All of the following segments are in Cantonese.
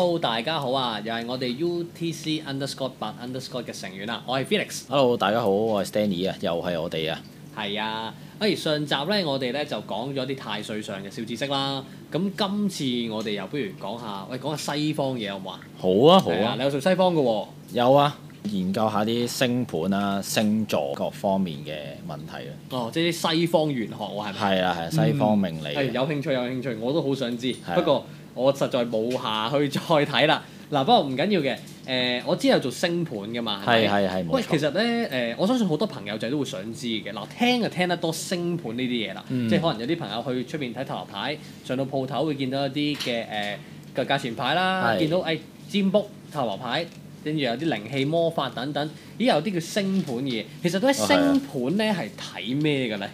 hello，大家好啊，又係我哋 UTC underscore 八 underscore 嘅成員啦，我係 Felix。hello，大家好，我係 Stanley 啊，又係我哋啊。係啊，哎，上集咧，我哋咧就講咗啲太歲上嘅小知識啦。咁今次我哋又不如講下，喂，講下西方嘢好唔好啊？好啊，好啊，你有熟西方嘅？有啊，研究下啲星盤啊、星座各方面嘅問題啊。哦，即係啲西方玄學喎，係咪？係啊，係啊，西方命理。係、嗯、有興趣，有興趣，我都好想知，啊、不過。我實在冇下去再睇啦。嗱，不過唔緊要嘅。誒，我知有做星盤嘅嘛。係係係。喂，其實咧，誒、呃，我相信好多朋友仔都會想知嘅。嗱，聽就聽得多星盤呢啲嘢啦。嗯、即係可能有啲朋友去出邊睇塔羅牌，上到鋪頭會見到一啲嘅誒嘅價錢牌啦，見是 到誒、哎、占卜塔羅牌，跟住有啲靈氣魔法等等，咦有啲叫星盤嘅嘢。其實嗰啲星盤咧係睇咩嘅咧？哦、呢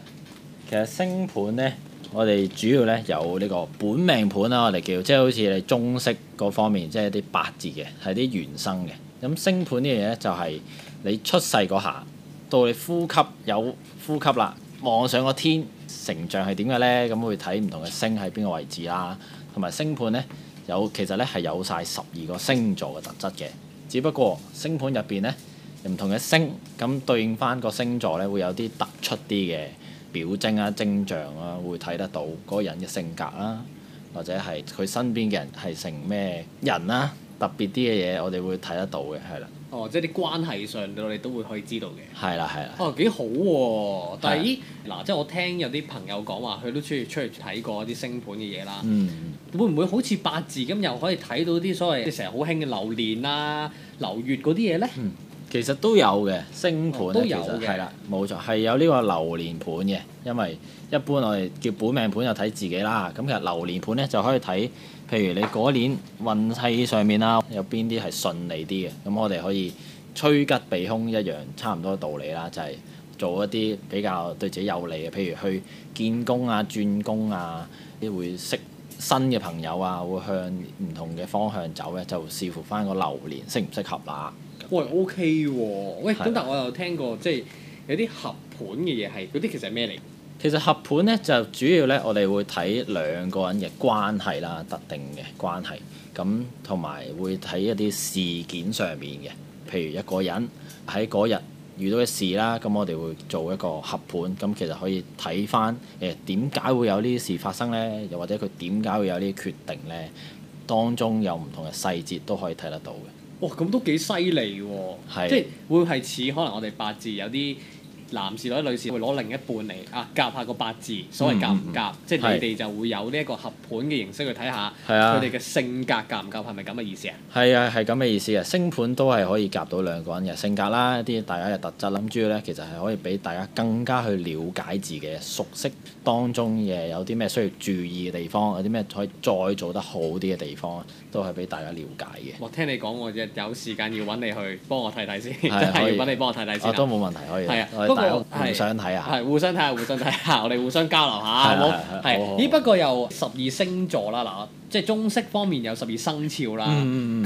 其實星盤咧。我哋主要咧有呢個本命盤啦，我哋叫，即係好似你中式嗰方面，即係啲八字嘅，係啲原生嘅。咁星盤呢樣嘢咧，就係你出世嗰下，到你呼吸有呼吸啦，望上個天，成像係點嘅咧，咁會睇唔同嘅星喺邊個位置啦，同埋星盤咧有其實咧係有晒十二個星座嘅特質嘅，只不過星盤入邊咧唔同嘅星咁對應翻個星座咧會有啲突出啲嘅。表徵啊，徵象啊，會睇得到嗰個人嘅性格啊，或者係佢身邊嘅人係成咩人啦、啊，特別啲嘅嘢我哋會睇得到嘅，係啦。哦，即係啲關係上，我哋都會可以知道嘅。係啦，係啦。哦，幾好喎、啊！但係的咦嗱，即係我聽有啲朋友講話，佢都中意出去睇過啲星盤嘅嘢啦。嗯。會唔會好似八字咁，又可以睇到啲所謂即係成日好興嘅流年啊、流月嗰啲嘢咧？嗯其實都有嘅星盤都有。係啦，冇錯係有呢個流年盤嘅。因為一般我哋叫本命盤就睇自己啦。咁其實流年盤咧就可以睇，譬如你嗰年運氣上面啦，有邊啲係順利啲嘅。咁我哋可以趨吉避凶一樣，差唔多道理啦，就係、是、做一啲比較對自己有利嘅，譬如去見工啊、轉工啊，會識新嘅朋友啊，會向唔同嘅方向走咧，就視乎翻個流年適唔適合啦、啊。喂，OK 喎。喂，咁但我又聽過，是的 即係有啲合盤嘅嘢係嗰啲，其實係咩嚟？其實合盤咧就主要咧，我哋會睇兩個人嘅關係啦，特定嘅關係咁，同埋會睇一啲事件上面嘅，譬如一個人喺嗰日遇到嘅事啦，咁我哋會做一個合盤，咁其實可以睇翻誒點解會有呢啲事發生咧？又或者佢點解會有呢啲決定咧？當中有唔同嘅細節都可以睇得到嘅。哇，咁都幾犀利喎！是的 即係會係似可能我哋八字有啲。男士或者女士會攞另一半嚟啊，夾下個八字，所謂夾唔夾，嗯嗯、即係你哋就會有呢一個合盤嘅形式去睇下，係啊，佢哋嘅性格夾唔夾，係咪咁嘅意思啊？係啊，係咁嘅意思啊！星盤都係可以夾到兩個人嘅性格啦，一啲大家嘅特質，諗住咧其實係可以俾大家更加去了解自己，熟悉當中嘅有啲咩需要注意嘅地方，有啲咩可以再做得好啲嘅地方，都係俾大家了解嘅。我、哦、聽你講，我有時間要揾你去幫我睇睇先，是 真係要揾你幫我睇睇先。啊以，我都冇問題，可以、啊。互相睇下，係互相睇下，互相睇下，我哋互相交流下。係係、 啊啊啊啊啊、咦？不過又十二星座啦，嗱，即係中式方面有十二生肖啦。咁、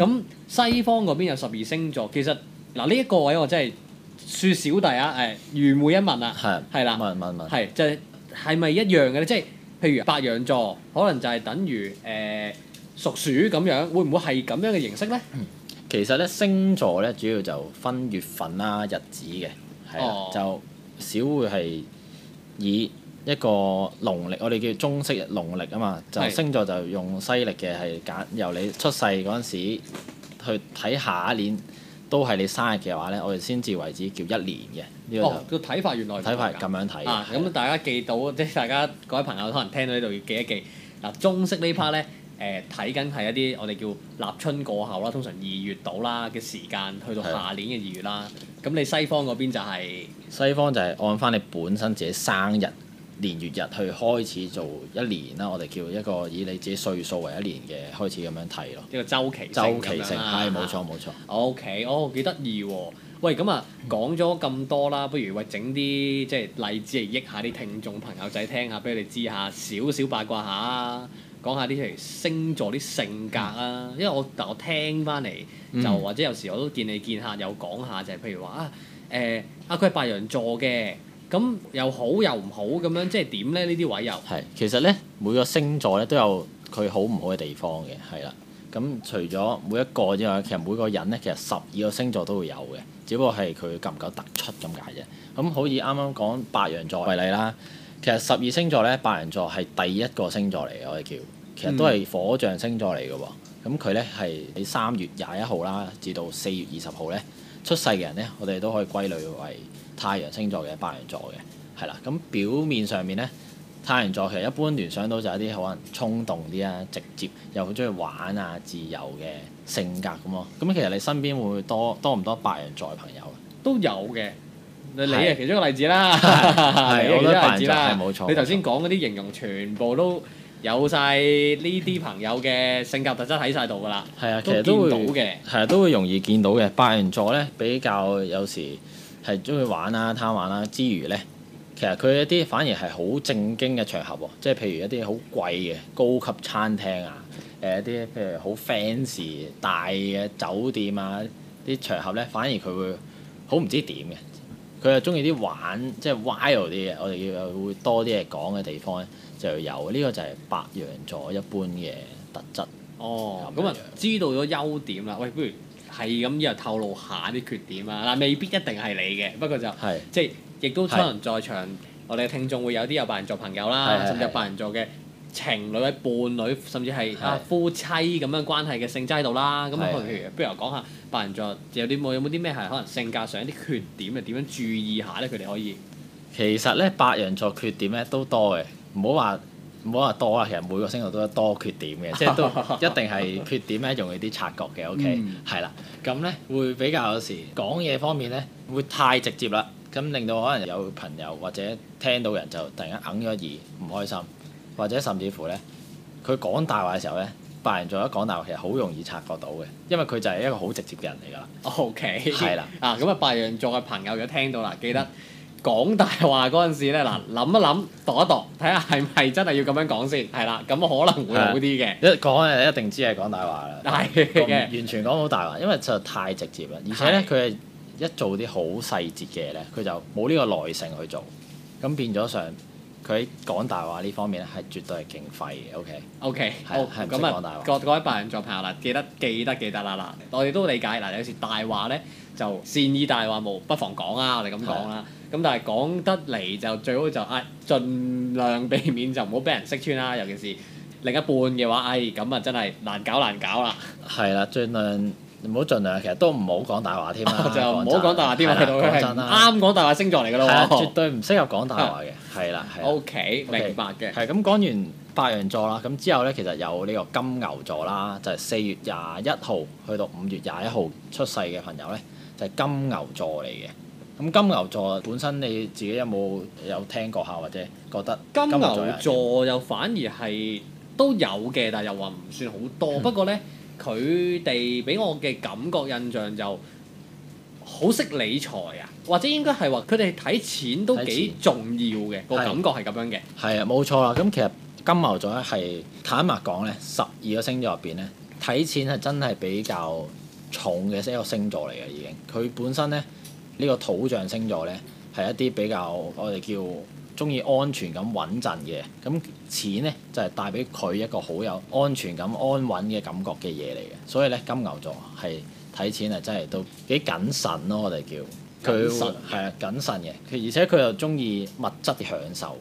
嗯、西方嗰邊有十二星座，其實嗱呢一個位我真係恕小弟啊！誒，愚昧一問啊！係啦、啊。問問、啊、問。係、啊、問就係係咪一樣嘅咧？即係譬如白羊座，可能就係等於誒屬鼠咁樣，會唔會係咁樣嘅形式咧？其實咧星座咧主要就分月份啦、啊、日子嘅。係就少會係以一個農曆，我哋叫中式農曆啊嘛，就星座就用西曆嘅，係揀由你出世嗰陣時去睇下一年都係你生日嘅話咧，我哋先至為止叫一年嘅。呢、呢個睇、哦、法原來睇法係咁樣睇啊！咁大家記到，了即係大家各位朋友可能聽到呢度要記一記嗱，中式呢 part 咧。誒睇緊係一啲我哋叫立春過後啦，通常二月到啦嘅時間，去到下年嘅二月啦。咁的你西方嗰邊就係、是、西方就係按翻你本身自己生日年月日去開始做一年啦。我哋叫一個以你自己歲數為一年嘅開始咁樣睇咯，一個周期性咁樣啦。係冇錯冇錯。OK，哦幾得意喎！喂，咁啊講咗咁多啦，不如喂整啲即係例子嚟益下啲聽眾朋友仔聽下，小小下，俾你知下少少八卦下。講下呢啲星座啲性格啊，嗯、因為我我聽翻嚟就、嗯、或者有時我都見你見客有講下就係、是、譬如話啊誒、呃、啊佢係白羊座嘅，咁又好又唔好咁樣，即係點咧？呢啲位又係其實咧每個星座咧都有佢好唔好嘅地方嘅，係啦。咁除咗每一個之外，其實每個人咧其實十二個星座都會有嘅，只不過係佢夠唔夠突出咁解啫。咁可以啱啱講白羊座為例啦。其實十二星座咧，白羊座係第一個星座嚟嘅，我哋叫，其實都係火象星座嚟嘅喎。咁佢咧係喺三月廿一號啦，至到四月二十號咧出世嘅人咧，我哋都可以歸類為太陽星座嘅白羊座嘅，係啦。咁、嗯、表面上面咧，太陽座其實一般聯想到就係一啲可能衝動啲啊，直接又好中意玩啊、自由嘅性格咁咯。咁、嗯、其實你身邊會唔會多，多唔多白羊座嘅朋友？都有嘅。你啊，其中一個例子啦，係的 其中一個例子啦，冇的的錯。你頭先講嗰啲形容，錯全部都有晒呢啲朋友嘅性格特質喺晒度㗎啦。係啊的，其實都會係啊，都會容易見到嘅。白人座咧比較有時係中意玩啊、貪玩啦、啊、之餘咧，其實佢一啲反而係好正經嘅場合、啊，即係譬如一啲好貴嘅高級餐廳啊，誒一啲譬如好 fancy 大嘅酒店啊啲場合咧，反而佢會好唔知點嘅。佢又中意啲玩，即係 wild 啲嘅。我哋要會多啲嘢講嘅地方咧，就有呢、這個就係白羊座一般嘅特質。哦，咁啊，知道咗優點啦。喂，不如係咁又透露下啲缺點啦！嗱，未必一定係你嘅，不過就是即係亦都可能在場是我哋嘅聽眾會有啲有白羊座朋友啦，甚至是有白羊座嘅。情侶、位伴侶，甚至係是的、啊、夫妻咁樣關係嘅性質喺度啦。咁啊，不是的 如不如講下白羊座有啲冇有冇啲咩係可能性格上一啲缺點啊？點樣注意下咧？佢哋可以其實咧，白羊座缺點咧都多嘅，唔好話唔好話多啊。其實每個星座都有多缺點嘅， 即係都一定係缺點咧，容易啲察覺嘅。O K 係啦，咁咧會比較有時講嘢方面咧會太直接啦，咁令到可能有朋友或者聽到人就突然間揞咗耳唔開心。或者甚至乎咧，佢講大話嘅時候咧，白羊座一講大話其實好容易察覺到嘅，因為佢就係一個好直接嘅人嚟㗎啦。OK，係啦的，啊咁啊，白羊座嘅朋友如果聽到啦，記得、嗯、講大話嗰陣時咧，嗱諗一諗，度一度，睇下係咪真係要咁樣講先。係啦，咁可能會好啲嘅。一講一定知係講大話啦，係嘅 的。完全講好大話，因為實在太直接啦，而且咧佢的一做啲好細節嘅嘢咧，佢就冇呢個耐性去做，咁變咗上。佢講大話呢方面咧，係絕對係勁廢嘅，OK？OK，係咁啊，各位白羊座朋友啦，記得記得記得啦嗱，我哋都理解嗱，有時大話咧就善意大話無不妨講啊，我哋咁講啦，咁的但係講得嚟就最好就誒，儘、哎、量避免就唔好俾人識穿啦，尤其是另一半嘅話，誒咁啊真係難搞難搞啦。係啦，儘量。唔好盡量，其實都唔好講大話添啦。唔好講大話添喎，啱講大話星座嚟噶咯喎，絕對唔適合講大話嘅。係啦，OK，明白嘅。係咁講完白羊座啦，咁之後咧，其實有呢個金牛座啦，就係四月廿一號去到五月廿一號出世嘅朋友咧，就係金牛座嚟嘅。咁金牛座本身你自己有冇有，有聽過下或者覺得金？金牛座又反而係都有嘅，但係又話唔算好多。嗯、不過咧。佢哋俾我嘅感覺印象就好識理財啊，或者應該係話佢哋睇錢都幾重要嘅，個錢感覺係咁樣嘅。係啊，冇錯啦。咁其實金牛座咧，係坦白講咧，十二個星座入邊咧，睇錢係真係比較重嘅一個星座嚟嘅。已經佢本身咧呢、呢個土象星座咧係一啲比較我哋叫中意安全感穩陣嘅，咁錢咧就係帶俾佢一個好有安全感、安穩嘅感覺嘅嘢嚟嘅。所以咧，金牛座係睇錢係真係都幾謹慎咯，我哋叫謹慎，係啊，謹慎嘅。佢而且佢又中意物質享受。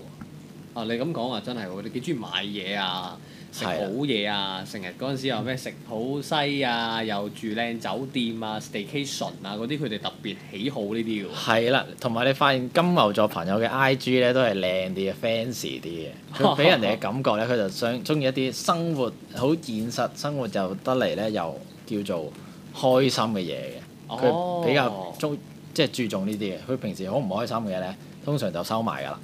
啊，你咁講啊，真係喎！你幾中意買嘢啊？食好嘢啊！成日嗰陣時話咩食好西啊，又、嗯啊、住靚酒店啊，staycation 啊嗰啲，佢哋特別喜好呢啲嘅。係啦，同埋你發現金牛座朋友嘅 IG 咧都係靚啲嘅，fancy 啲嘅。佢俾人哋嘅感覺咧，佢就想中意一啲生活好現實生活就得嚟咧，又叫做開心嘅嘢嘅。佢比較中即係注重呢啲嘅。佢平時好唔開心嘅嘢咧，通常就收埋㗎啦。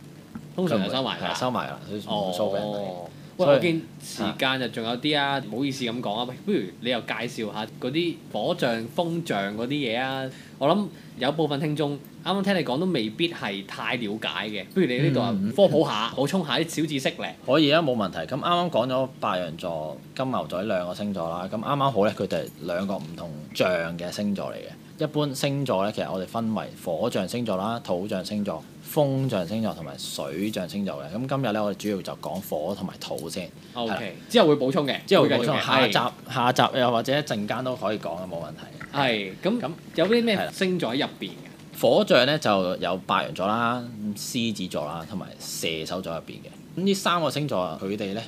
通常就收埋啦。係、哦、收埋啦。哦。喂，我見、啊、時間就仲有啲啊，唔好意思咁講啊，不如你又介紹下嗰啲火象、風象嗰啲嘢啊？我諗有部分聽眾啱啱聽你講都未必係太了解嘅，不如你呢度、嗯、科普下， 補充下啲小知識咧。可以啊，冇問題。咁啱啱講咗白羊座、金牛座兩個星座啦，咁啱啱好咧，佢哋係兩個唔同象嘅星座嚟嘅。一般星座咧，其實我哋分為火象星座啦、土象星座、風象星座同埋水象星座嘅。咁今日咧，我哋主要就講火同埋土先，係 Okay, 了之後會補充嘅。之後會補充，下集下集又或者一陣間都可以講嘅，冇問題。係咁，咁有啲咩星座喺入邊嘅？了火象咧就有白羊座啦、獅子座啦同埋射手座入邊嘅。咁呢三個星座佢哋咧。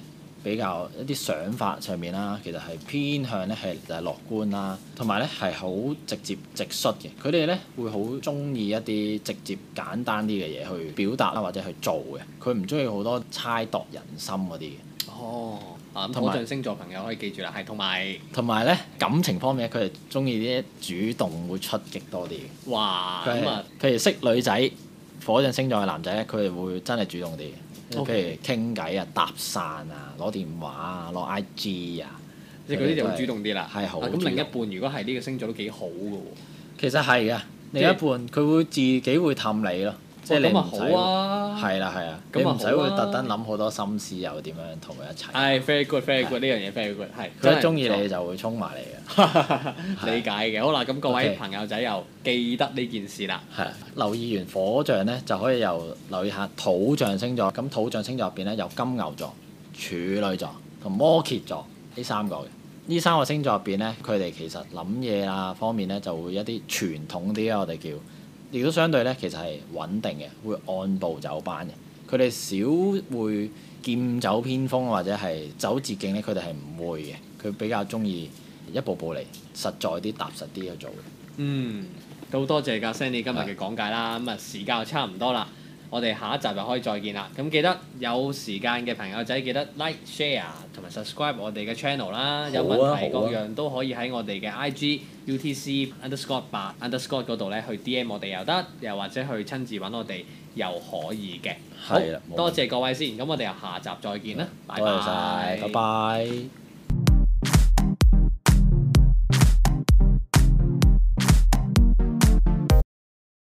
比較一啲想法上面啦，其實係偏向咧係就係樂觀啦，同埋咧係好直接直率嘅。佢哋咧會好中意一啲直接簡單啲嘅嘢去表達啦，或者去做嘅。佢唔中意好多猜度人心嗰啲嘅。哦，同、嗯、埋有星座朋友可以記住啦，係同埋同埋咧感情方面，佢哋中意啲主動會出擊多啲嘅。哇，咁啊是，麼譬如識女仔。火象星座嘅男仔，佢哋會真係主動啲，Okay. 譬如傾偈啊、搭訕啊、攞電話啊、攞 IG 啊，即係佢啲就會主動啲啦、啊。係好咁，啊、另一半如果係呢個星座都幾好嘅，其實係啊，是另一半佢會自己會氹你咯。即係你、哦、好使，係啦係啊，咁唔使會特登諗好、啊、多心思又點樣同佢一齊。係 very good，very good 呢樣嘢 very good，係佢一中意你就會沖埋嚟嘅。理解嘅，好啦，咁各位朋友仔又記得呢件事啦。係留意完火象咧，就可以由留意下土象星座。咁土象星座入邊咧有金牛座、處女座同摩羯座呢三個嘅。呢三個星座入邊咧，佢哋其實諗嘢啊方面咧就會一啲傳統啲啊，我哋叫。亦都相對咧，其實係穩定嘅，會按部就班嘅。佢哋少會劍走偏鋒或者係走捷徑咧，佢哋係唔會嘅。佢比較中意一步步嚟，實在啲、踏實啲去做。嗯，都多謝噶 Sandy 今日嘅講解啦。咁啊的，時間差唔多啦。我哋下一集就可以再見啦，咁記得有時間嘅朋友仔記得 like、share 同埋 subscribe 我哋嘅 channel 啦。啊、有問題各樣都可以喺我哋嘅 IG UTC underscore 八 underscore 嗰度咧去 DM 我哋又得，又或者去親自揾我哋又可以嘅。的好，問多謝各位先，咁我哋下集再見啦，嗯、拜拜謝謝。拜拜。